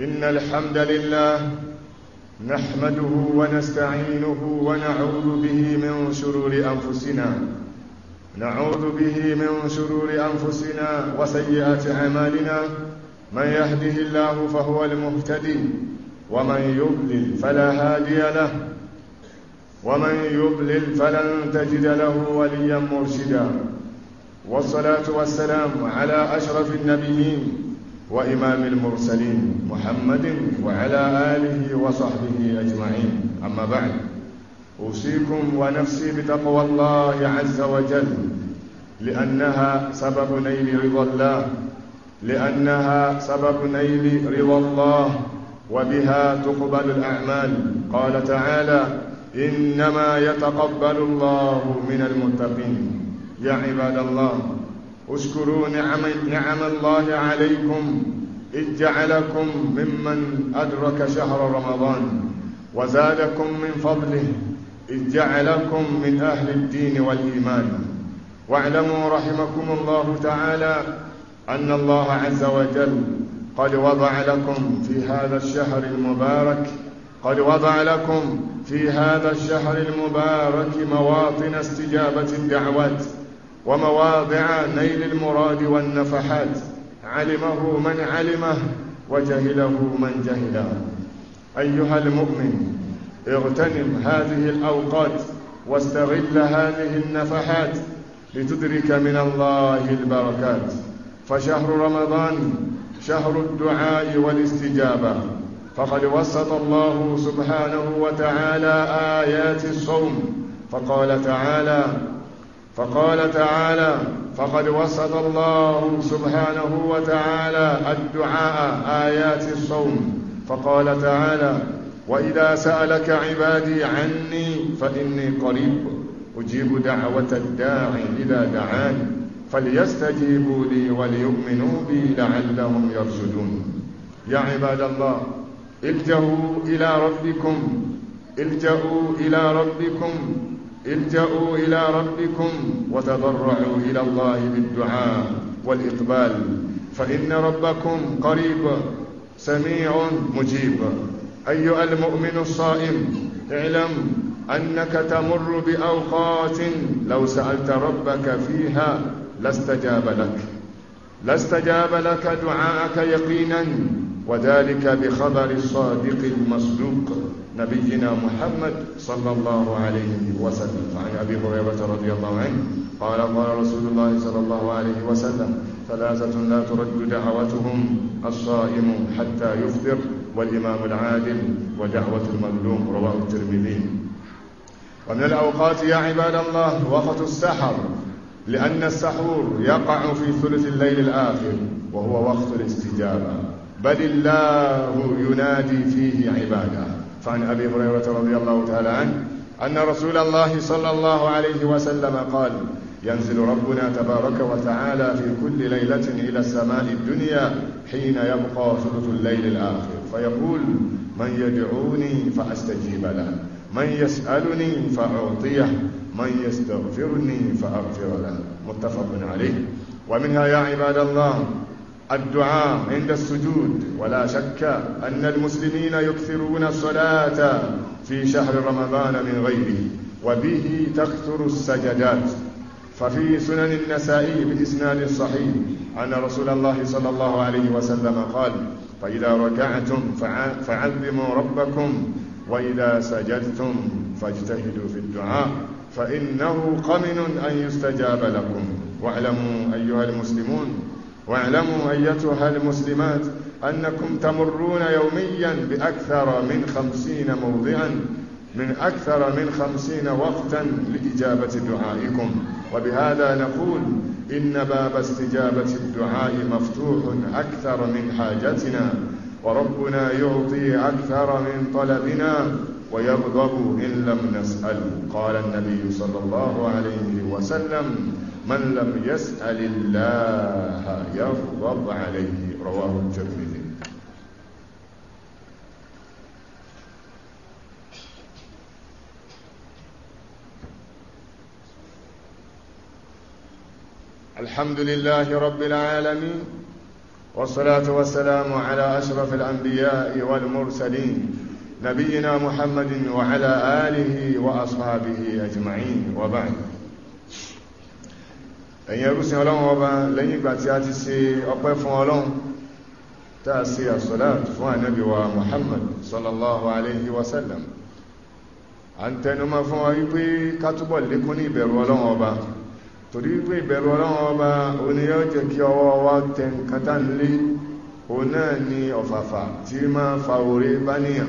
إن الحمد لله نحمده ونستعينه ونعوذ به من شرور أنفسنا نعوذ به من شرور أنفسنا وسيئات أعمالنا من يهده الله فهو المهتدي ومن يضلل فلا هادي له ومن يضلل فلن تجد له وليا مرشدا والصلاة والسلام على أشرف النبيين وإمام المرسلين محمد وعلى آله وصحبه أجمعين أما بعد أوصيكم ونفسي بتقوى الله عز وجل لأنها سبب نيل رضا الله لأنها سبب نيل رضا الله وبها تقبل الأعمال قال تعالى إنما يتقبل الله من المتقين يا عباد الله اشكروا نعم, نعم الله عليكم إذ جعلكم ممن أدرك شهر رمضان وزادكم من فضله إذ جعلكم من أهل الدين والإيمان واعلموا رحمكم الله تعالى أن الله عز وجل قد وضع لكم في هذا الشهر المبارك قد وضع لكم في هذا الشهر المبارك مواطن استجابة الدعوات ومواضع نيل المراد والنفحات علمه من علمه وجهله من جهله أيها المؤمن اغتنم هذه الأوقات واستغل هذه النفحات لتدرك من الله البركات فشهر رمضان شهر الدعاء والاستجابة فقد وسط الله سبحانه وتعالى آيات الصوم فقال تعالى فقال تعالى فقد وصف الله سبحانه وتعالى الدعاء آيات الصوم فقال تعالى وإذا سألك عبادي عني فإني قريب أجيب دعوة الداعي إذا دعاني فليستجيبوا لي وليؤمنوا بي لعلهم يرشدون يا عباد الله الجأوا إلى ربكم الجأوا إلى ربكم الجأوا إلى ربكم وتضرعوا إلى الله بالدعاء والإقبال فإن ربكم قريب سميع مجيب أيها المؤمن الصائم اعلم أنك تمر بأوقات لو سألت ربك فيها لاستجاب لك لاستجاب لك دعاءك يقينا وذلك بخبر الصادق المصدوق نبينا محمد صلى الله عليه وسلم عن أبي هريرة رضي الله عنه قال قال رسول الله صلى الله عليه وسلم ثلاثة لا ترد دعوتهم الصائم حتى يفطر والإمام العادل ودعوة المظلوم رواه الترمذي ومن الأوقات يا عباد الله وقت السحر لأن السحور يقع في ثلث الليل الآخر وهو وقت الاستجابة بل الله ينادي فيه عباده فعن أبي هريرة رضي الله تعالى عنه أن رسول الله صلى الله عليه وسلم قال ينزل ربنا تبارك وتعالى في كل ليلة إلى السماء الدنيا حين يبقى ثلث الليل الآخر فيقول من يدعوني فأستجيب له من يسألني فأعطيه من يستغفرني فأغفر له متفق عليه ومنها يا عباد الله الدعاء عند السجود ولا شك أن المسلمين يكثرون الصلاة في شهر رمضان من غيره وبه تكثر السجدات ففي سنن النسائي بإسناد صحيح أن رسول الله صلى الله عليه وسلم قال فإذا ركعتم فعظموا ربكم وإذا سجدتم فاجتهدوا في الدعاء فإنه قمن أن يستجاب لكم واعلموا أيها المسلمون واعلموا أيتها المسلمات أنكم تمرون يوميا بأكثر من خمسين موضعا من أكثر من خمسين وقتا لإجابة دعائكم وبهذا نقول إن باب استجابة الدعاء مفتوح أكثر من حاجتنا وربنا يعطي أكثر من طلبنا ويغضب إن لم نسأل قال النبي صلى الله عليه وسلم من لم يسأل الله يغضب عليه رواه الترمذي الحمد لله رب العالمين والصلاة والسلام على أشرف الأنبياء والمرسلين نبينا محمد وعلى آله وأصحابه أجمعين وبعد ẹ̀yin ẹrúsìn ọlọ́run ọba lẹ́yìn ìgbà tí a ti ṣe ọpẹ́ fún ọlọ́run tá a ṣe as-salat fún ànábì wa Muhammad sallallahu alayhi wa sallam a ń tẹnumọ́ fún wa wípé ká túbọ̀ lékún ní ìbẹ̀rù ọlọ́run ọba torí wípé ìbẹ̀rù ọlọ́run ọba oníyọ́ jẹ́ kí ọwọ́ wa tẹ nǹkan tá òun náà ni ọ̀fàfà tí máa fa oore bá níyàn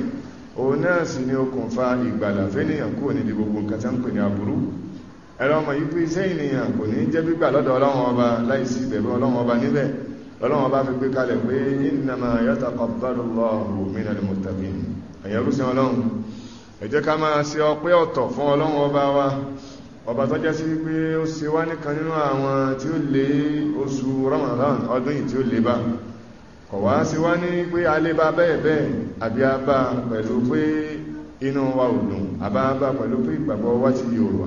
òun náà sì ni okùnfà ìgbàlà fẹ́nìyàn kúrò níbi gbogbo nǹkan ń pè ní aburú ẹ̀rọ ọmọ yìí pín iṣẹ́ ènìyàn kò ní jẹ́ gbígbà lọ́dọ̀ ọlọ́run ọba láìsí ìbẹ̀rù ọlọ́run ọba níbẹ̀ ọlọ́run ọba fi gbé kalẹ̀ pé innama yataqabbalu Allahu minal muttaqin ẹ̀yẹrúsìn ọlọ́run ẹ jẹ́ ká máa ṣe ọpẹ́ ọ̀tọ̀ fún ọlọ́run ọba wa ọba tó jẹ́ sí pé ó ṣe wá nìkan nínú àwọn tí ó lé oṣù Ramadan ọdún yìí tí ó lé bá kọ̀ wá sí wá ní pé alébá bẹ́ẹ̀ bẹ́ẹ̀ àbí abá pẹ̀lú pé inú wa ò dùn àbábá pẹ̀lú pé ìgbàgbọ́ wá ti yòrò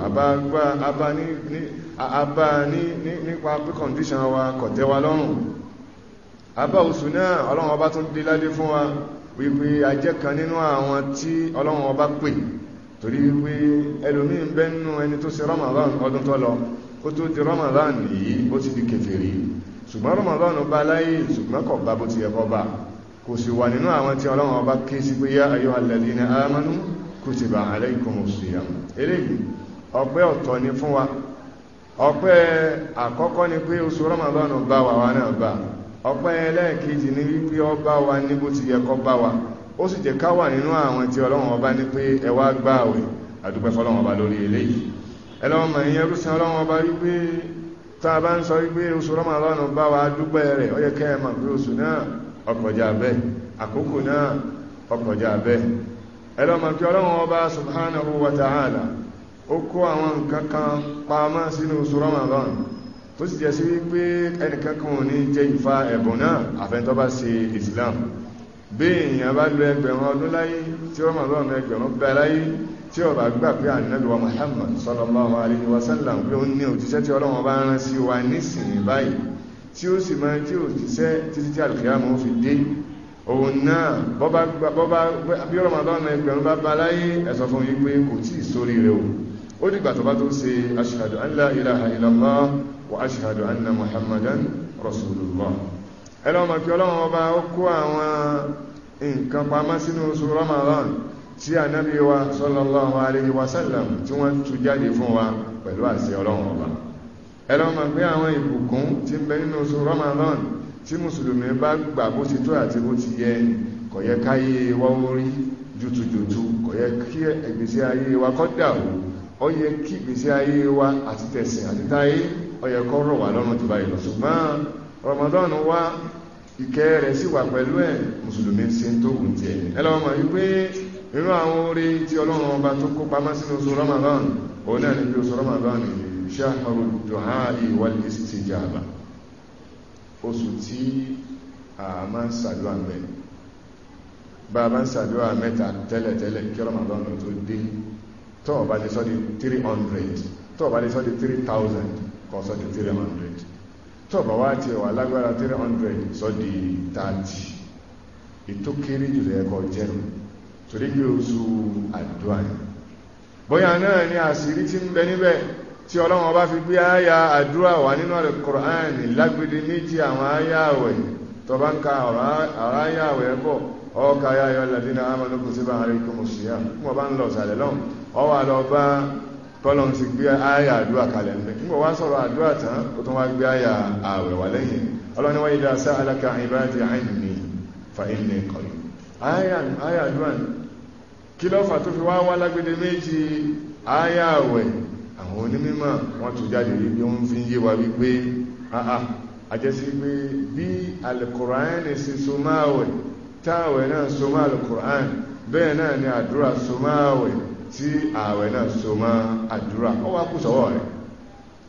àbá nípa pé kọ̀ndíṣàn wa kọ̀tẹ́ wa lọ́rùn àbá oṣù náà ọlọ́run ọba tún dé ládé fún wa wípé ajẹ́ kan nínú àwọn tí ọlọ́run ọba pè torí wípé ẹlòmí ń bẹ nínú ẹni tó ṣe Ramadan ọdún tó lọ kó tó di Ramadan yìí ó ti di kèfèrí ṣùgbọ́n Ramadan bá láyé ṣùgbọ́n kọ̀ bá bó ti yẹ kọ́ bá kò sì wà nínú àwọn tí ọlọ́run ọba ké sí pé yá ayọ́ alladhina amanu kutiba alaykumus siyam eléyìí ọpẹ́ ọ̀tọ̀ ni fún wa ọpẹ́ àkọ́kọ́ ni pé oṣù rọ́màbánu bá wa wa náà bá ọpẹ́ ẹlẹ́ẹ̀kejì ní wípé ọ bá wa ní bó ti yẹ kọ́ bá wa ó sì jẹ́ ká wà nínú àwọn tí ọlọ́run ọba ní pé ẹ wá ọkọjá bẹ́ẹ̀ àkókò náà ọkọjá bẹ́ẹ̀ ẹlọ́mọ̀kí ọlọ́run ọba subhanahu wa ta'ala ó kó àwọn nǹkan kan pamọ́ sínú oṣù Ramadan tó sì jẹ́ sí wípé ẹnìkankan ò ní jẹ ìfà ẹ̀bùn náà àfẹ́ntọ́ bá Islam bí èèyàn bá lo ẹgbẹ̀rún ọdún láyé tí Ramadan ẹgbẹ̀rún bẹ láyé tí ó bá gbà pé ànẹ́lùwà Muhammad sallallahu alaihi wasallam pé ó ní òjíṣẹ́ tí ọlọ́run ọba rán sí wa nísìnyí báyìí tí ó sì máa tí ó jíṣẹ́ títí tí alìkìyàmù ó fi dé òun náà bọ́bá bí ọ̀rọ̀ màbá ọmọ ẹgbẹ̀rún bá bá láyé ẹ̀sọ̀ fún yí pé kò tí ìsórí rẹ̀ o ó dìgbà tó bá tó ṣe ashhadu an la ilaha illallah wa anna muhammadan rasulullah ẹlọ́mọ̀ kí ọlọ́run ọba ó kó àwọn nǹkan pamọ́ sínú ẹlọ́mọ pé àwọn ìbùkún ti ń bẹ nínú oṣù Ramadan tí mùsùlùmí bá gbà bó ti tó àti bó ti yẹ kò yẹ káyé e wa orí jùtùjùtù kò yẹ kí ìgbésí ayé wa kọ́ dà ó ó yẹ kí ìgbésí ayé wa àti tẹ̀sìn àti táyé ó yẹ kọ́ rọ̀ wá lọ́rùn tó báyìí lọ ṣùgbọ́n Ramadan wa ìkẹ́ rẹ̀ sì wà pẹ̀lú ẹ̀ mùsùlùmí ṣe ń tó wù tiẹ̀ ẹlọ́mọ yìí pé irú àwọn orí tí ọlọ́run ọba tó kó pamọ́ sínú oṣù Ramadan òun náà ní bí oṣù Ramadan nìyí ṣáhàrù dùháì wal istijaba oṣù tí a máa ń sàdúwà mẹ́ bá a máa ń sàdúwà mẹ́ta tẹ́lẹ̀tẹ́lẹ̀ kí Ramadan tó dé tọ́ọ̀ bá lè sọ di 300 tọ́ọ̀ bá lè sọ di 3000 kọ́ sọ di 300 tọ́ọ̀ bá wá ti wà lágbára 300 sọ di 30 ètò kéré jùlọ ẹ̀kọ́ jẹ́rù torí pé oṣù àdúrà bóyá náà ni àṣírí ti ń bẹ níbẹ̀ tí ọlọ́run ọba fi gbé àyà àdúrà wà nínú ọ̀rẹ́ kọ̀rọ̀ánì lágbèdè méjì àwọn àyà àwẹ̀ tó bá ń ka ọ̀rọ̀ àyà àwẹ̀ bọ̀ ọkà àyà ayọ̀ ladina amanu kutiba alaykumus siyam fún ọba ń lọ sàlẹ̀ lọ́hùn ọwà lọ bá tọ́lọ́n ti gbé àyà àdúrà kalẹ̀ ńlẹ̀ nígbà wá sọ̀rọ̀ àdúrà tán ó tún wá gbé àyà àwẹ̀ wà lẹ́yìn ọlọ́ni wáyé àwọn onímọ̀ wọ́n tún jáde wípé wọ́n fi ń yé wa wípé àà àjẹsí pé bí alìkùránì sí somáwẹ̀ táwẹ̀ náà somá alìkùránì bẹ́ẹ̀ náà ni àdúrà somáwẹ̀ tí àwẹ̀ náà somá àdúrà ó wá kù sọ́wọ́ rẹ̀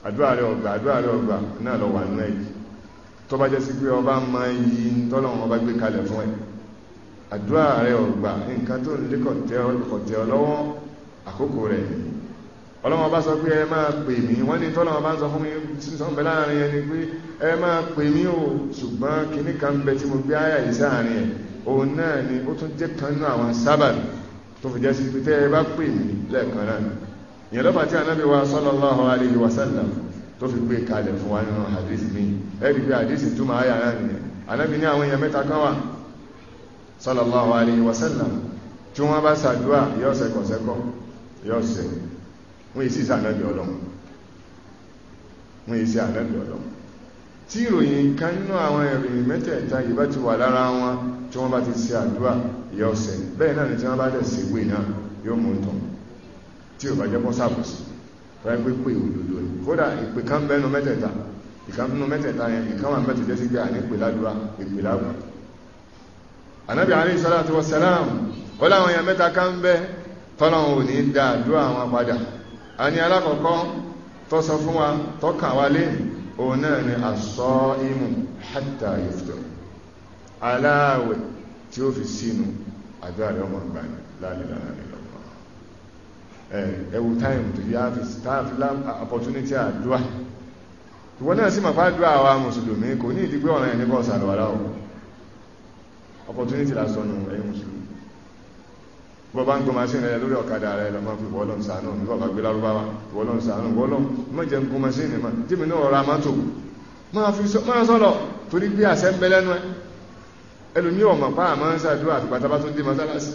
àdúrà rẹ̀ ọgbà àdúrà rẹ̀ ọgbà náà lọ wà náà yìí tó bá jẹ́ sí pé ọba máa ń yí ọba gbé kalẹ̀ fún ẹ̀ àdúrà rẹ̀ ọgbà nǹkan tó ń lé kọ̀tẹ́ àkókò rẹ̀ yìí ọlọ́wọ́ bá sọ pé ẹ máa pè mí wọ́n ní tọ́lọ́wọ́ bá ń sọ fún mi sísan bẹ láàrin ẹni pé ẹ máa pè mí o ṣùgbọ́n kìíní kan ń bẹ tí mo gbé àyà yìí sáàrin ẹ̀ òun náà ni ó tún jẹ́ kan náà àwọn sábàbí tó fi jẹ́ sí pé tẹ́ ẹ bá pè mí lẹ́ẹ̀kan náà ìyẹn lọ́pàá tí anábì wa sallallahu alaihi wa sallam tó fi gbé kalẹ̀ fún wa nínú hadith mi ẹ rí pé hadith tó máa yà náà nìyẹn anábì ní àwọn èèyàn mẹ́ta kan wà sallallahu alaihi wa sallam tí wọ́n bá ṣàdúrà yọ̀ọ̀sẹ̀ kọ̀ọ̀sẹ̀ wọ́n èsì sànàbí ọlọ́run wọ́n èsì ànàbí ọlọ́run tí ìròyìn kan nínú àwọn ìròyìn mẹ́tẹ̀ẹ̀ta yìí bá ti wà lára wọn tí wọ́n bá ti ṣe àdúrà ìyá ọ̀sẹ̀ bẹ́ẹ̀ náà ni tí wọ́n bá dẹ̀ sí ìwé náà yóò mú tán tí ò bá jẹ́ pọ́sàbùsì rẹ̀ pé pé òdòdó ni kódà ìpè kan bẹ́nu mẹ́tẹ̀ẹ̀ta ìkan nínú mẹ́tẹ̀ẹ̀ta yẹn ìkan wà mẹ́tẹ̀ẹ̀ta sí pé àní pè ládùúrà ìpè lágùn anábì alayhi salatu wa salam kọ́lá àwọn èèyàn mẹ́ta kan bẹ́ tọ́lọ́run ò ní dáadúrà wọn padà a ní alákọ̀ọ́kọ́ tó sọ fún wa tó kà wálé òun náà ni àṣọ imú hatta yuftar aláàwẹ̀ tí ó fi sínú àjọ́ àrẹ ọmọ ìgbàni lálẹ́lá lálẹ́lọ́pọ̀ ẹwù táìmù tó yá fi staff lab opportunity àdúrà ìwọ́n náà sí màpá bọ́ bá ń gbọ́ masín rẹ̀ lórí ọ̀kadà rẹ̀ lọ máa fi wọ́lọ́n sàánù ní bọ́ bá gbé lárúbáwá wọ́lọ́n sàánù wọ́lọ́n mọ́jẹ̀ ń gbọ́ masín rẹ̀ tí mi náà ra mọ́tò máa sọ́lọ̀ torí gbé àṣẹ ń bẹ lẹ́nu ẹ ẹlòmí ọmọ pa àmọ́ ń sàdúrà àtìgbà tó dé mọ́sálásì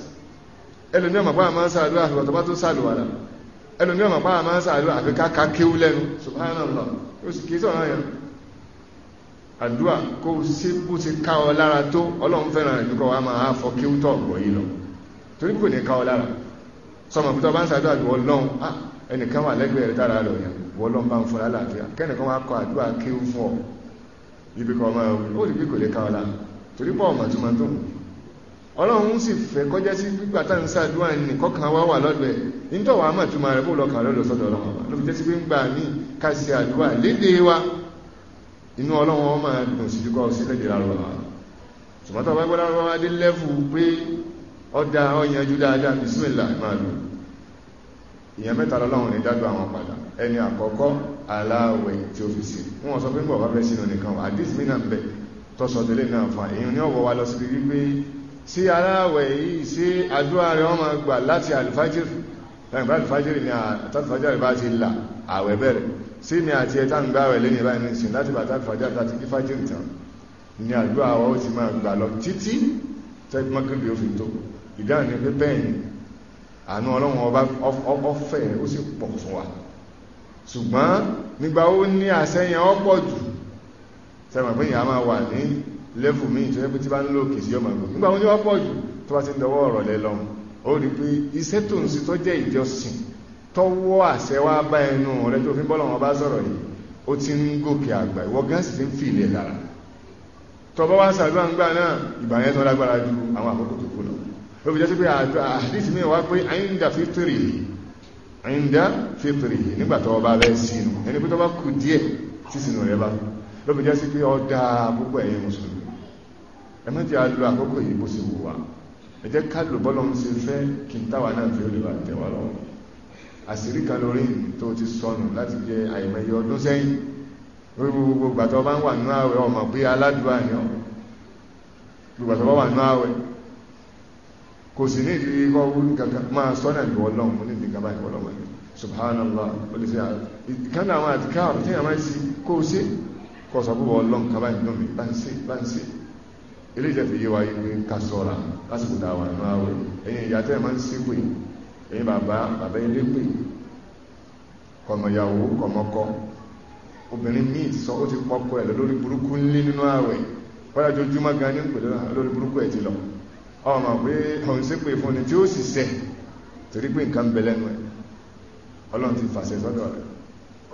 ẹlòmí ọmọ pa àmọ́ ń sàdúrà àtìgbà tó sàlùwàlà ẹlòmí ọmọ pa àmọ́ ń sàdúrà àfi káka kéwú lẹ́nu subhanallah ó sì kìí sọ̀rọ̀ yẹn àdúrà kó sí bó ti ká ọ lára kéwú tọ̀ torí kò ní ká ọ lára sọmọ pítọ bá ń sàdúrà ju ọlọ́run ah, ẹnìkan wà lẹ́gbẹ̀ẹ́ rẹ̀ tára lọ yẹn wọlọ́run bá ń fún lálàáfíà kẹ́nìkan wá kọ àdúrà kí ó fún ibi kan máa ó rí kò ní ká ọ lára torí pọ̀ ọmọ túmọ̀ tó ọlọ́run sì fẹ́ kọjá sí gbígbà tá ń sàdúrà wá wà lọ́dọ̀ ẹ̀ nítọ̀ ọdá ọyànjú dáadáa bisimilá ìmáàlú ìyẹn mẹ́ta lọ́lọ́run ní dájú àwọn padà ẹni àkọ́kọ́ aláwẹ̀ tí ó fi sí wọ́n sọ pé bọ̀wá bẹ́ sínú nìkan àdís mí náà bẹ̀ tọ́sọ délé náà fa èyàn ní ọ̀wọ̀ wa lọ sí pé wípé sí aláwẹ̀ yìí sí àdúrà rẹ̀ ọmọ gbà láti alifájírì tàbí alifájírì ni àtàlifájírì bá ti là àwẹ̀ bẹ̀rẹ̀ sí mi àti ẹ̀ta ń gbà rẹ̀ lẹ́yìn báyìí nìsín láti bàtà alifájírì láti kí fájírì tán ni àdúrà wa ó ti máa gbà lọ títí tẹ́gbọ́n kébì ó fi tó ìdáhùn ní pé bẹ́ẹ̀ ni àánú ọlọ́run ọba ọ̀fẹ́ ó sì pọ̀ fún wa ṣùgbọ́n nígbà ó ní àṣẹyàn ọ̀pọ̀ jù sẹ́mọ̀ pé ìyá máa wà ní lẹ́fù míì tó yẹ́ pé tí bá ń lókè sí ọmọ ìgbò nígbà ó ní ọ̀pọ̀ jù tó bá ti ń dọwọ́ ọ̀rọ̀ lẹ lọ́run ó rí pé iṣẹ́ tó ń sí tó jẹ́ ìjọsìn tọ́wọ́ àṣẹ wá bá ẹnu rẹ tó fi bọ́lọ̀ wọn bá sọ̀rọ̀ yìí ó ti ń gòkè àgbà ìwọ gan sì ti ń fi ilẹ̀ lára tọ́bọ́ wá sàdúrà ń gbà náà ìbàyẹn tó lágbára ó fi jẹ́ sí pé àdísì mi wá pé àyíǹda fítìrì àyíǹda fítìrì nígbà tó bá rẹ̀ sínú ẹni pé tó bá kù díẹ̀ sí sínú rẹ̀ bá ló fi jẹ́ sí pé ọ̀dà púpọ̀ ẹ̀yin mùsùlùmí ẹ má gbogbo gbàtọ́ bá ń wà nínú ààwẹ̀ ọmọ pé aládùúgbà ni gbogbo gbàtọ́ bá wà nínú ààwẹ̀ kò sì ní ìdí kọ́ wúlú kankan máa sọ́nà ìwọ ọlọ́run mo ní ìdí kan báyìí ọlọ́run ni subhanallah ó lè ṣe ìkànnì àwọn àti káàrọ̀ tí àwọn ṣe kó o ṣe kó o sọ pé ọlọ́run kan báyìí dùn mí bá ń ṣe bá ń ṣe eléyìí tẹ̀ fi yé wa yìí pé ká sọ̀ra lásìkò tá a wà nínú àwẹ̀ ẹ̀yin ìyá tẹ́ ẹ̀ máa ń ṣe pé ẹ̀yin bàbá bàbá ilé pé kọ̀mọ̀yàwó kọ̀mọ̀kọ obìnrin míì sọ ó ti pọ́kọ ẹ̀ lórí burúkú ńlé nínú àwẹ̀ wọ́n dájọ́ júmọ́ gan ní pẹ̀lú lórí burúkú ẹ̀ ti lọ ọmọ pé ọ̀hún sí pé fún ni tí ó sì sẹ́ torí pé nǹkan bẹ lẹ́nu ẹ̀ ọlọ́run ti fàṣẹ sọ́dọ̀ rẹ̀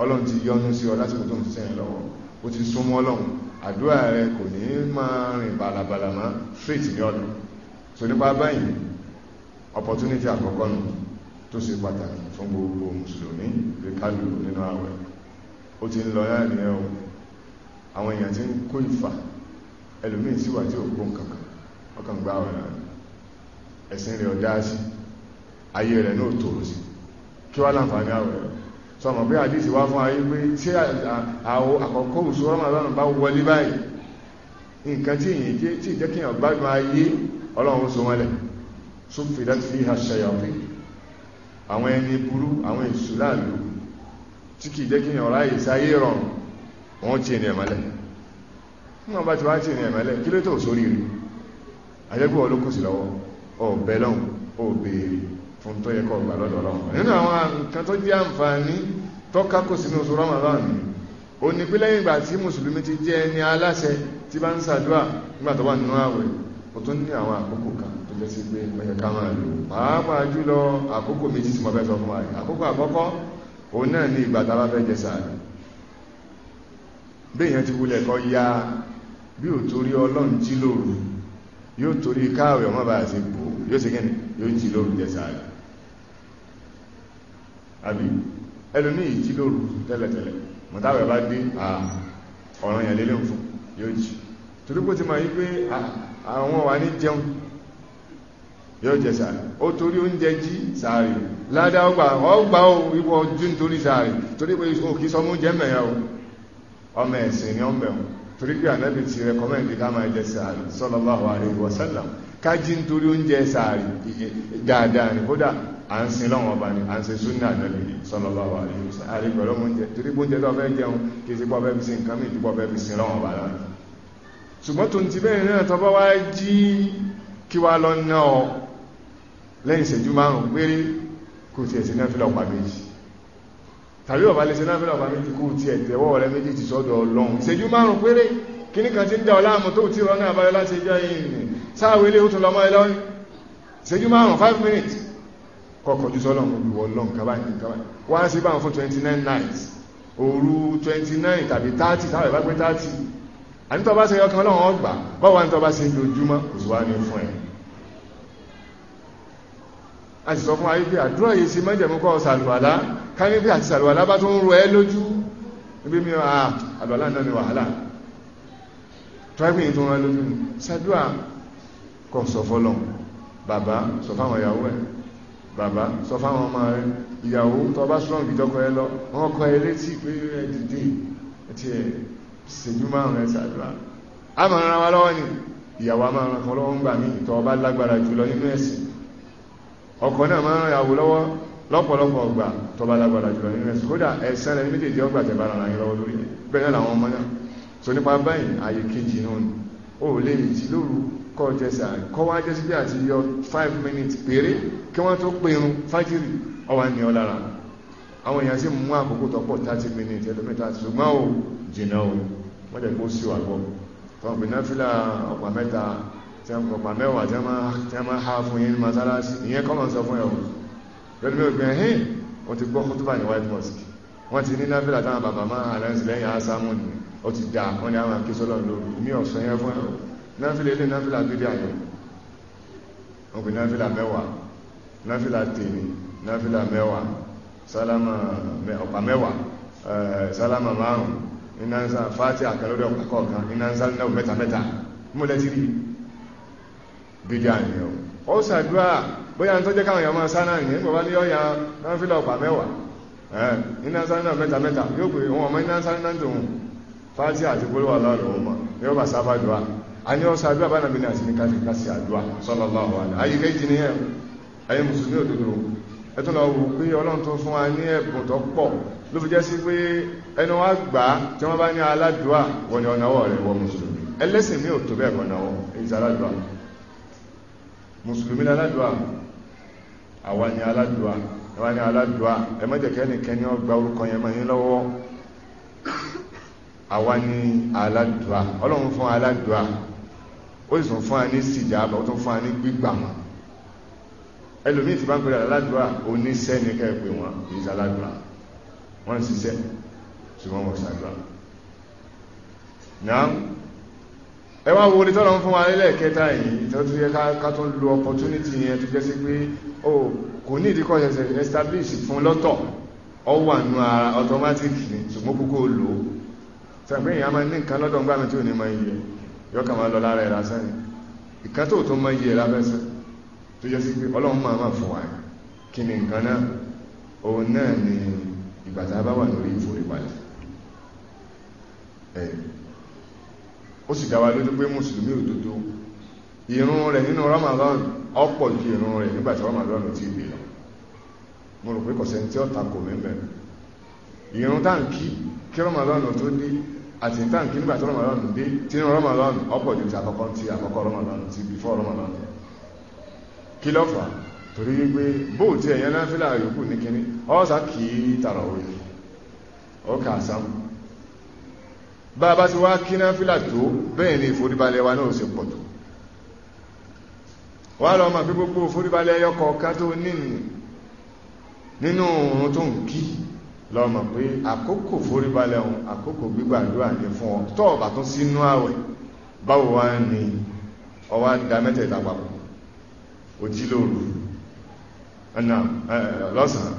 ọlọ́run ti yọ́nú sí ọ lásìkò tó ń sẹ́yìn lọ́wọ́ ó ti súnmọ́ ọlọ́run àdúrà rẹ kò ní máa rìn bàlàbàlà mọ́ straight ní ọdún so nípa báyìí opportunity àkọ́kọ́ nù tó ṣe pàtàkì fún gbogbo mùsùlùmí lè kálù nínú àwẹ̀ ó ti ń lọ yáà ní o àwọn èèyàn ti ń kó ìfà ẹlòmíì síwájú òpó nǹkan kan ọkàn gbá ọ̀rẹ́ rẹ̀ ẹ̀sìn rẹ̀ ọ̀dá sí ayé rẹ̀ náà tòrò sí kí wá láǹfààní àwẹ̀ rẹ̀ sọ mọ̀ pé àdìsí wá fún ayé pé tí àwọ àkọ́kọ́ òṣù Ramadan bá wọlé báyìí nǹkan tí èyí jẹ́ tí ìjẹ́ kíyàn gbádùn ayé ọlọ́run so wọ́n lẹ̀ suffidat fiha shayatin àwọn ẹni burú àwọn èṣù láàlú tí kìí jẹ́ kíyàn ọ̀rá ìsá ayé rọrùn wọ́n tí ènìyàn mẹ́lẹ̀ wọ́n bá ti wá tí ènìyàn mẹ́lẹ̀ kí ló tó sórí rí ajẹ́gbọ́ olókùsì lọ́wọ́ ọ̀bẹ̀ lọ́hùn ó béèrè fún tó yẹ kọ́ gbà lọ́dọ̀ lọ́hùn nínú àwọn nǹkan tó jẹ́ àǹfààní tọ́ka kò sínú oṣù Ramadan ó ní pé lẹ́yìn ìgbà tí mùsùlùmí ti jẹ́ ẹni aláṣẹ tí bá ń ṣàdúrà nígbà tó wà nínú ààwẹ̀ ó tún ní àwọn àkókò kan tó jẹ́ sí pé ó ká máa lò pàápàá jùlọ àkókò méjì tí mo fẹ́ sọ fún wa àkókò àkọ́kọ́ òun náà ní ìgbà tá a bá fẹ́ jẹ sàárì ti wulẹ̀ kọ́ ya bí ò torí jí lóru yóò torí káàwẹ̀ ọmọ bá ṣe gbò yóò ṣe gẹ́ni yóò jí lóru jẹsà rẹ̀ àbí ẹlòmí jí lóru tẹ́lẹ̀tẹ́lẹ̀ mọ̀táwẹ̀ bá dé ọ̀ràn yẹn lélẹ̀ fún yóò jí torí pé ti máa yí pé àwọn wà ní jẹun yóò jẹsà rẹ̀ ó torí oúnjẹ jí sàárè ládá ọgbà ọgbà ó ìwọ ojú nítorí sàárè torí pé òkè sọmú jẹ́ mẹ́yà ọmọ ẹ̀sìn ni ọmọ ẹ̀hún torí pé ànábì ti rẹkọmẹ́ndì ká máa jẹ sàárì sallallahu alaihi wasallam kájí nítorí oúnjẹ sàárì dáadáa ni kódà à ń sin lọ́wọ́ ọba ni à ń ṣe súnà ànábì sallallahu alaihi wasallam àrí pẹ̀lú oúnjẹ torí pé oúnjẹ tó fẹ́ jẹun kì í sí pọ́ fẹ́ fi sin nǹkan mìíràn tó pọ́ fẹ́ fi sin lọ́wọ́ ọba lára ṣùgbọ́n tó ń ti bẹ́ẹ̀ náà tọ́ bá wá jí kí wá lọ ná ọ lẹ́yìn ìṣẹ́jú márùn-ún péré kò tiẹ̀ sí náà fi lọ́pàá méjì tàbí ọ̀bá lè ṣe náà fẹ́lẹ̀ ọ̀bá méjì kú ti ẹ̀tẹ̀wọ́ rẹ méjì ti sọ́dọ̀ ọlọ́run ìṣẹ́jú márùn péré kíní kan ti ń da ọláàmù tó ti rọ́nà àbáyọ láti ẹjọ́ ìrìn sáàwé ilé òtún lọmọ ẹlọ́rin ìṣẹ́jú márùn five minutes kọkọ̀ jù sọ́lọ̀ olùwọ̀ ọlọ́run kàbáyìn kàbáyìn wá sí báwọn fún nine nights òru 29 tàbí 30 tàbí bá pé 30 àní tó bá ṣe ọkàn ọlọ́run ọgbà báwọn tó bá ṣe lójúmọ́ kò sí wá ní fún ẹ̀ a sì sọ fún ayé pé àdúrà yìí sí mọ́jẹ̀mú kọ́ sàlùwàlá káyé pé àti sàlùwàlá bá tó ń rọ ẹ́ lójú ibi mi à ah, àlùwàlá náà ni wàhálà tọ́ẹ̀pìn tó rán lójú sàdúrà kọ̀ sọ fọ́lọ̀ bàbá sọ fáwọn ìyàwó ẹ̀ bàbá sọ fáwọn ọmọ rẹ̀ ìyàwó tó bá strong ìjọkọ̀ ẹ lọ wọ́n kọ ẹ létí pé ẹ dìde ti ẹ ṣèjú márùn ẹ sàdúrà a máa ran wa lọ́wọ́ ni ìyàwó a máa ran kan lọ́wọ́ ń gbà mí tó bá lágbára jùlọ nínú ẹ̀sìn ọkọ náà máa ń ràn yàwó lọ́wọ́ lọ́pọ̀lọpọ̀ ọgbà tọba lágbàdà jùlọ nínú ẹ̀sìn kódà ẹ̀sán lẹni méjèèjì ọgbà tẹ̀ bára ara yín lọ́wọ́ lórí bẹ́ẹ̀ náà làwọn ọmọ náà so nípa báyìí ààyè kejì náà ni ó lè jí lóru kọ́ jẹsà kọ́ wá jẹ́sí bí àti yọ five minutes péré kí wọ́n tó pinnu fájìrì ọwà ní ọ lára àwọn èèyàn sì mú àkókò tọ́pọ̀ thirty minutes ẹlòmítà ṣùgbọ́n ò jìnnà ò wọ́n jẹ́ kó sí wà gbọ́ tọ́pìnáfílà tí a kọ̀pà mẹ́wàá tí a máa ha fún yín masalasi ìyẹn kọ́ máa sọ fún ẹ̀wọ̀n lórí mẹ́wàá gbẹ̀ẹ́ hìn wọ́n ti gbọ́ kó tó bá ní white mosque wọ́n ti ní náfílà táwọn bàbá máa àlẹ́sì lẹ́yìn asámù ni ó ti dà wọ́n ni àwọn akísọ́lọ̀ lóru ní ọ̀sán yẹn fún ẹ̀wọ̀n náfílà ilé náfílà bíbí àyẹ̀ wọ́n pè náfílà mẹ́wàá náfílà tèmi náfílà mẹ́wàá sálámà ọ̀pá mẹ́wàá sálámà márùn-ún iná ń sá fáti àkàlódé ọ̀pá kọ̀ọ̀kan iná ń sá náà bídí o, ó ṣàdúrà bóyá tó jẹ́ káwọn èèyàn máa sáná nìyẹn bàbá ní ọ̀yà náfìlà ọ̀pá mẹ́wàá iná sáná mẹ́ta mẹ́ta yóò pè wọn ọmọ iná sáná tòun fájí àti polówó aláàlú ọmọ yóò bá sábà dùá a ní ọ̀sà àdúrà bá nàbí ní àti ní káṣí káṣí àdúrà sallallahu alaihi ayé kejì ní ẹ̀ ayé mùsùlùmí òdodo ẹ tún lọ wò pé ọlọ́run tó fún wa ní ẹ̀bùn tó pọ̀ ló fi jẹ́ sí pé ẹnu wa gbà á tí wọ́n bá ní aládùá wọ́n ni ọ̀nàwọ̀ rẹ̀ wọ́n mùsùlùmí ẹlẹ́sìn mi ò tó bẹ́ẹ̀ kọ́ náwọ̀ èyí sàládùá mùsùlùmí ní aládùá àwa ni aladua. àwa ni aládùá ẹ má jẹ́ kẹ́nìkẹ́ni ó gba orúkọ yẹn mọ́ yín lọ́wọ́ àwa ni aládùá ọlọ́run fún aladua, ó sì tún fún wa ní sìjàbá ó tún fún wa ní gbígbàmọ́ ẹlòmíì ti bá ń pèrè aládùá oníṣẹ́ ní kẹ́ẹ̀pẹ́ wọn kìí ṣe aládùá wọ́n ń ṣiṣẹ́ ṣùgbọ́n wọ́n ṣàdùá ẹ wá wo onítọ́lọ ń fún wa nílẹ̀ kẹta yìí tó tún yẹ ká tún lo opportunity yẹn tó jẹ́ sí pé o kò ní ìdíkọ̀ ṣẹ̀ṣẹ̀ establish fún lọ́tọ̀ ọ wà nù ara automatic ni ṣùgbọ́n kókó lò ó sàpé èèyàn máa ní nǹkan lọ́dọ̀ ńgbàmí tí ò ní mọ iye yọ kà máa lọ lára ẹ̀ lásán ni ìkan tó tó mọ iye lábẹ́sẹ̀ tó jẹ́ sí pé ọlọ́run máa máa fún wa kí ni nǹkan náà òun náà ni ìgbà tá a bá wà lórí ìforíbalẹ̀ ó sì dáwà lójú pé mùsùlùmí òdodo ìrun rẹ̀ nínú Ramadan ọ̀pọ̀ ju ìrun rẹ̀ nígbàtí Ramadan ti dé lọ mo rò pé kọ̀sẹ̀ tí ó takò mẹ́mẹ́ ìrun táǹkì kí Ramadan tó dé àti táǹkì nígbàtí Ramadan dé tí inú Ramadan ọ̀pọ̀ ju ti àkọ́kọ́ ti àkọ́kọ́ Ramadan ti before Ramadan kí ló fà torí wípé bóò tí ẹ̀yẹn náà fílà yòókù ní kíní ọ́sà kìí tààrà orí ọkà sáàmù bá bá ti wá kí fílà tó bẹ́ẹ̀ ni ìforíbalẹ̀ wa náà sì pọ̀ tó wà lọ ma fi gbogbo ìforíbalẹ̀ ẹyọkọ̀ ká tó nínú nínú oòrùn tó ń kí lọ mọ̀ pé àkókò ìforíbalẹ̀ ohun àkókò gbígbàdúrà ní fún ọ tọ́ ọ̀bà tó sínú àwẹ̀ báwo wá ní ọwá da mẹ́tẹ̀ẹ̀ta papọ̀ ojí lóru ẹ̀nà lọ́sàn-án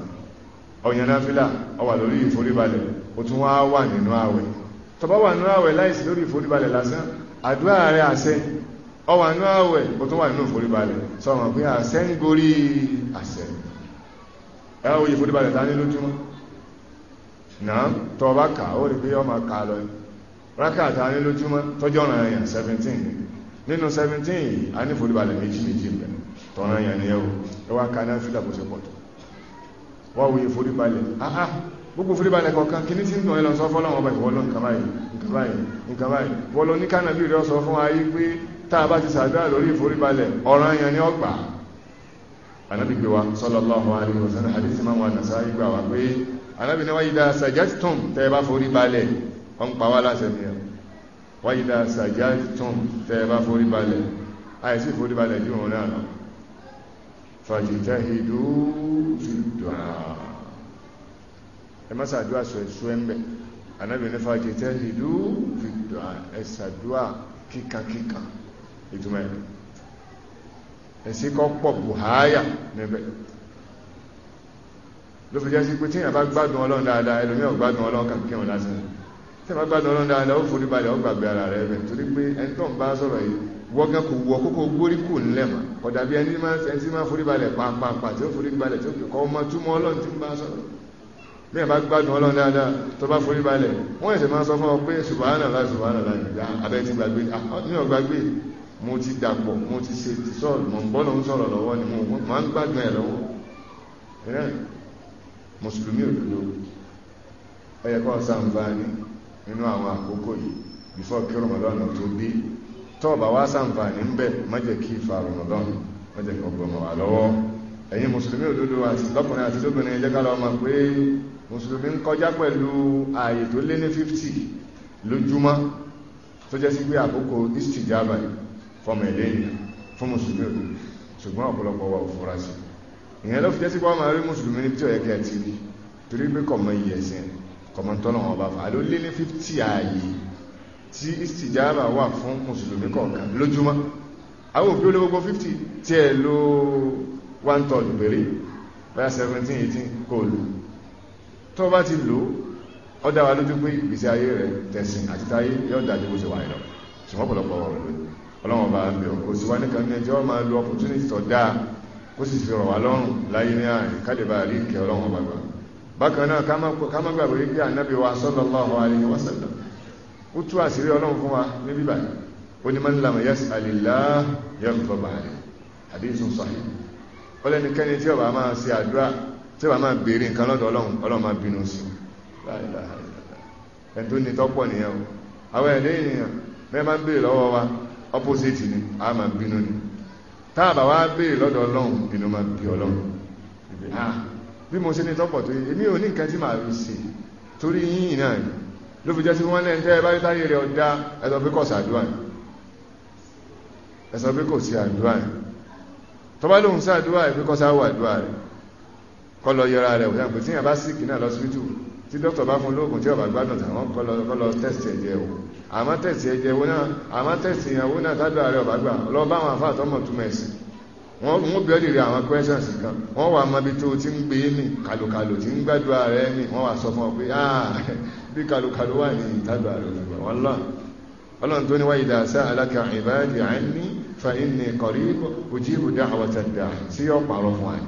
ọ̀yẹ̀náfílà ó lórí ìforíbalẹ̀ ó tún wá wà nínú àwẹ̀ tọba wà nínú àwẹ̀ láìsí lórí ìforíbalẹ̀ lásán àdúrà rẹ̀ àṣẹ ọwà nínú àwẹ̀ bó tó wà nínú ìforíbalẹ̀ sọ̀rọ̀ pé àṣẹ ń gorí àṣẹ ẹ̀rọ òye ìforíbalẹ̀ ta ní lójúmọ́ náà tọba kà ó rí pé ọmọ kà lọ rákà ta ní lójúmọ́ tọ́jọ́ ọ̀ràn ẹ̀yàn 17 nínú 17 yìí a ní ìforíbalẹ̀ méjì méjì bẹ̀ tọ̀ràn ẹ̀yàn ni ẹ̀wọ̀ ẹwà ká náà bó ṣe pọ̀ tó wọ́n wo ìforíbalẹ̀ áhà gbogbo fúríbalẹ̀ kọ̀ọ̀kan kí ní tí ń tàn ẹlọ sọ fọ́lọ́wọ́ ọba ìwọ́lọ́ ìkàbáyìí ní kánàbí rẹ̀ sọ fún ayé pé tá a bá ti sàdúrà lórí ìforíbalẹ̀ sallallahu alaihi wa sallam hadith máa wà nàṣá ìgbà wà pé anábì ní wáyé dáa sajadtum tẹ́ ẹ bá forí balẹ̀ ọ̀n pa wá láṣẹ mi wáyé dáa sajadtum tẹ́ ẹ bá forí àìsí forí balẹ̀ náà lọ fajtahidu ẹ má ṣàdúrà sọ èso ẹ ń bẹ anábì nífa jẹjẹ ìlú fìdà ẹ ṣàdúrà kíkankíkan ìtumọ̀ ẹ̀ ẹ̀sìn kọ́ pọ̀ bùháyà níbẹ̀ ló fi jẹ́ sí pé tíyàn bá gbádùn ọlọ́run dáadáa ẹlòmíràn gbádùn ọlọ́run kàkí ọ̀n lásán tí wọ́n gbádùn ọlọ́run dáadáa ó forí balẹ̀ ó gbàgbé ara rẹ̀ bẹ̀ torí pé ẹni tó ń bá sọ̀rọ̀ yìí wọ́gán kò wọ kókó górí kù ńlẹ̀ mà ẹni tí máa forí balẹ̀ pàápàá tí ó forí balẹ̀ tí ó kọ́ ọmọ túmọ̀ ọlọ́run tí ń bá sọ̀rọ̀ bí ẹ̀bá gbádùn ọlọ́run dáadáa tó bá forí balẹ̀ wọ́n ẹ̀sẹ̀ máa sọ fún ọ pé subhanallah subhanallah abẹ́ ti gbàgbé ní ah, ọgbàgbé mo ti dàpọ̀ mo ti ṣe ti mọ̀ ń bọ́lọ̀ ni mo máa ń gbádùn ẹ̀ lọ́wọ́ mùsùlùmí òdodo àwọn àkókò yìí bífọ́ kí tó dé wá kí kí wà lọ́wọ́ ẹ̀yin mùsùlùmí òdodo àti lọ́kùnrin àti ká máa mùsùlùmí ń kọjá pẹ̀lú ààyè tó lé ní 50 lójúmọ́ tó jẹ́ sí pé àkókò istijaba fọmọ ẹ̀lẹ́ ènìyàn fún mùsùlùmí òdò ṣùgbọ́n ọ̀pọ̀lọpọ̀ wà òfúra sí ìyẹn ló fi jẹ́ sí pé ọmọ rí mùsùlùmí ní tí ó yẹ kí ẹ ti rí torí pé kọ̀mọ iye ẹ̀sìn kọ̀mọ tọ́lọ̀ wọn bá fà á ló lé ní 50 ààyè tí istijaba wà fún mùsùlùmí kọ̀ọ̀kan lójúmọ́ àwọn òbí olóògbò 50 tí ẹ lo one third péré bóyá 17 18 kò lù tó bá ti lò ó dá wa lójú pé ìgbésí ayé rẹ̀ tẹ̀sìn àti táyé yóò dájú bó ṣe wà lọ ṣùgbọ́n pọ̀lọpọ̀ ọ̀rọ̀ rẹ̀ ọlọ́wọ́n bá bẹ̀ ọ́ òsì wa nìkan ní ẹjọ́ máa lo opportunity tó dáa kó sì fi rọ̀ wá lọ́rùn láyé ní àárín káde bá rí ìkẹ́ ọlọ́wọ́n bá gbà bákan náà ká má gbàgbé pé ànábì wa sallallahu alaihi wasallam ó tú àṣírí ọlọ́run fún wa níbí báyìí ó ní man lam yas'alillah yaghdab alayh hadithun sahih ọlẹ́nikẹ́ni tí ó bá máa ṣe àdúrà tí wàá máa béèrè nǹkan lọ́dọ̀ ọlọ́run ọlọ́run máa bínú sí ẹni ẹ̀dùn ní tọ́pọ̀ nìyẹn o àwọn ẹ̀dẹ́ ènìyàn mẹ́ máa ń béèrè lọ́wọ́ wa opposite ni a máa bínú ni tá a bá wá béèrè lọ́dọ̀ ọlọ́run inú máa bí ọlọ́run bí mo ṣe ní tọ́pọ̀ tó èmi ò ní nǹkan tí màá rí sí torí yín náà ni ló fi jẹ́ sí wọ́n lẹ́yìn tẹ́ ẹ bá rí táyé rẹ̀ pé kò sàdúrà pé kò sí àdúrà kọ́ lọ yọra rẹ̀ wọ́n pè tí yàn bá síkì náà lọ síbítù tí dókítà bá fún lóògùn tí ọba gbádùn tàwọn kọ́ lọ tẹ́sì ẹ̀jẹ̀ o àmọ́ tẹ́sì ẹ̀jẹ̀ wo náà àmọ́ tẹ́sì ìyàwó náà tádùn ààrẹ ọba gbà lọ bá àwọn afá àtọ́mọ̀ túmọ̀ ẹ̀sìn wọ́n mú bí ọ́dìrí àwọn questions kan wọ́n wà mọ́bí tó ti ń gbé mì kàlùkàlù tí ń gbádùn ààrẹ mì wọ́n wà sọ fún ọ pé ah, bí kàlùkàlù wà ní ìtàdùn ààrẹ ọba wọn lọ́n ọlọ́n tó ní wáyé dàásá aláka ìbáàdì àìní fa inni qarib ujibu da'watad da'i sí ọ̀pọ̀ àrọ̀ fún àìní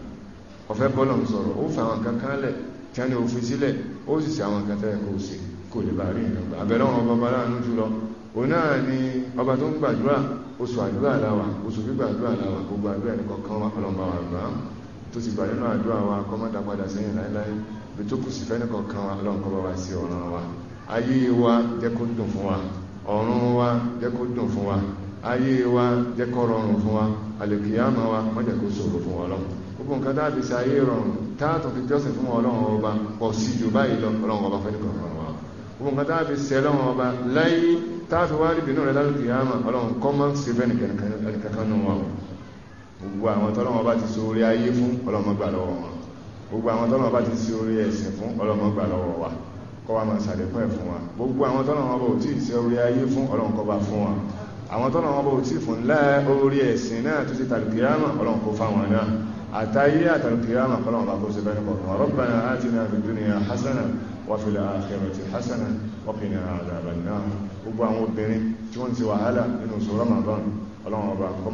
ọ̀fẹ́ bọ́lọ̀ ń sọ̀rọ̀ ó fà àwọn nǹkan kan lẹ̀ tí a ní òfin sílẹ̀ ó sì sí àwọn nǹkan tẹ́ kò sí kò lè bá rí ìrìnàgbà àbẹ̀lẹ̀ ọba aláàánú jùlọ òun náà ni ọba tó ń gbàdúrà oṣù àdúrà láwà oṣù gbígbà àdúrà láwà gbogbo àdúrà ní kọ̀ọ̀kan wa ọlọ́mọba wa gbà tó ti gbà nínú àdúrà wa kọ́mọ́dà padà sẹ́yìn láéláé bí tó kù sí fẹ́ ní kọ̀ọ̀kan wa ọlọ́mọba wa sí ayé wa jẹ́ kó fún wa ọ̀run wa jẹ́ wa ayé jẹ́ kó rọrùn fún wa lọ́wọ́ gbogbo nǹkan dábì sí ayé rọrùn táàtùn fi jọ́sìn fún ọlọ́run ọba pọ̀ sí jù báyìí lọ ọlọ́run ọba fẹ́ nìkan fún wa gbogbo nǹkan dábì sí ọlọ́run ọba láyé táàtùn wá rí bínú rẹ lálùkì yàmà ọlọ́run kọ́ máa ń ṣe bẹ́ẹ̀ nìkankan nù wọn gbogbo àwọn tọ́lọ́run ọba ti so orí ayé fún ọlọ́run gbà lọ́wọ́ wọn gbogbo àwọn tọ́lọ́run ọba ti so orí fáwọn náà àtàyé àtàlùkìyàmà kọ́lọ̀wọ̀n bá kó sí bẹ́ẹ̀ kọ̀ọ̀kan rọ́bàna àtìnà fi dúnìyà hasana wà fi àkhírati hasana wà fi ní àdàbà náà gbogbo àwọn obìnrin tí wọ́n ti wàhálà nínú oṣù ramadan ọlọ́wọ̀n bá kọ́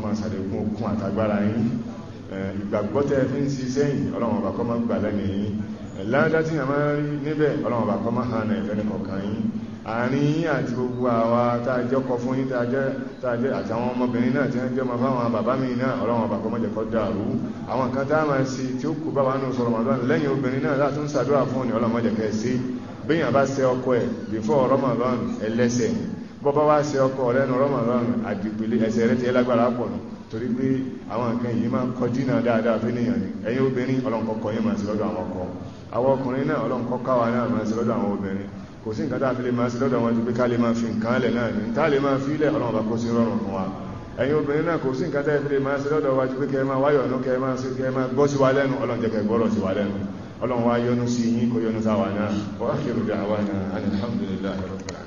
àárín àti gbogbo àwa tàjọ́kọ fún yí tàjẹ́ àtàwọn ọmọbìnrin náà tí wọ́n jẹ́ ọmọ fáwọn bàbá mi náà ọlọ́run ọba kọmọ́jẹ̀ kọ́ dàrú àwọn kan tá máa ṣe tí ó kù bá wà nù sọ̀rọ̀ màdán lẹ́yìn obìnrin náà láti ń ṣàdúrà fún ni ọlọ́mọjẹ̀ kẹ́ sí bíyàn bá ṣe ọkọ ẹ̀ bífọ́ Ramadan ẹlẹ́sẹ̀ bọ́bá wá ṣe ọkọ rẹ̀ nù Ramadan àdìgbélé ẹsẹ̀ rẹ̀ ti lágbára pọ̀ nù torí pé àwọn nǹkan yìí máa ń kọ dínà dáadáa fún ènìyàn ni ẹ̀yin obìnrin ọlọ́nkọ́kọ́ yìí máa ṣe lọ́dọ̀ àwọn ọkọ àwọn ọkùnrin náà ọlọ́nkọ́kọ́ wa náà máa ṣe lọ́dọ̀ àwọn obìnrin kò sí nǹkan tàbí lè máa sí lọ́dọ̀ wọn ju pé ká lè máa fi nǹkan lẹ̀ náà ní tá lè máa fi ilẹ̀ ọ̀rọ̀ ọ̀bà kó sí rọrùn fún wa ẹ̀yin obìnrin náà kò sí nǹkan tàbí máa sí lọ́dọ̀ wa ju pé kẹ máa wáyọ̀ ọ̀nà kẹ máa sí kẹ máa gbọ́ sí wa lẹ́nu ọlọ́run gbọ́rọ̀ sí wa lẹ́nu ọlọ́run wá yọ́nú sí yín kó yọ́nú sáwa náà wọ́n á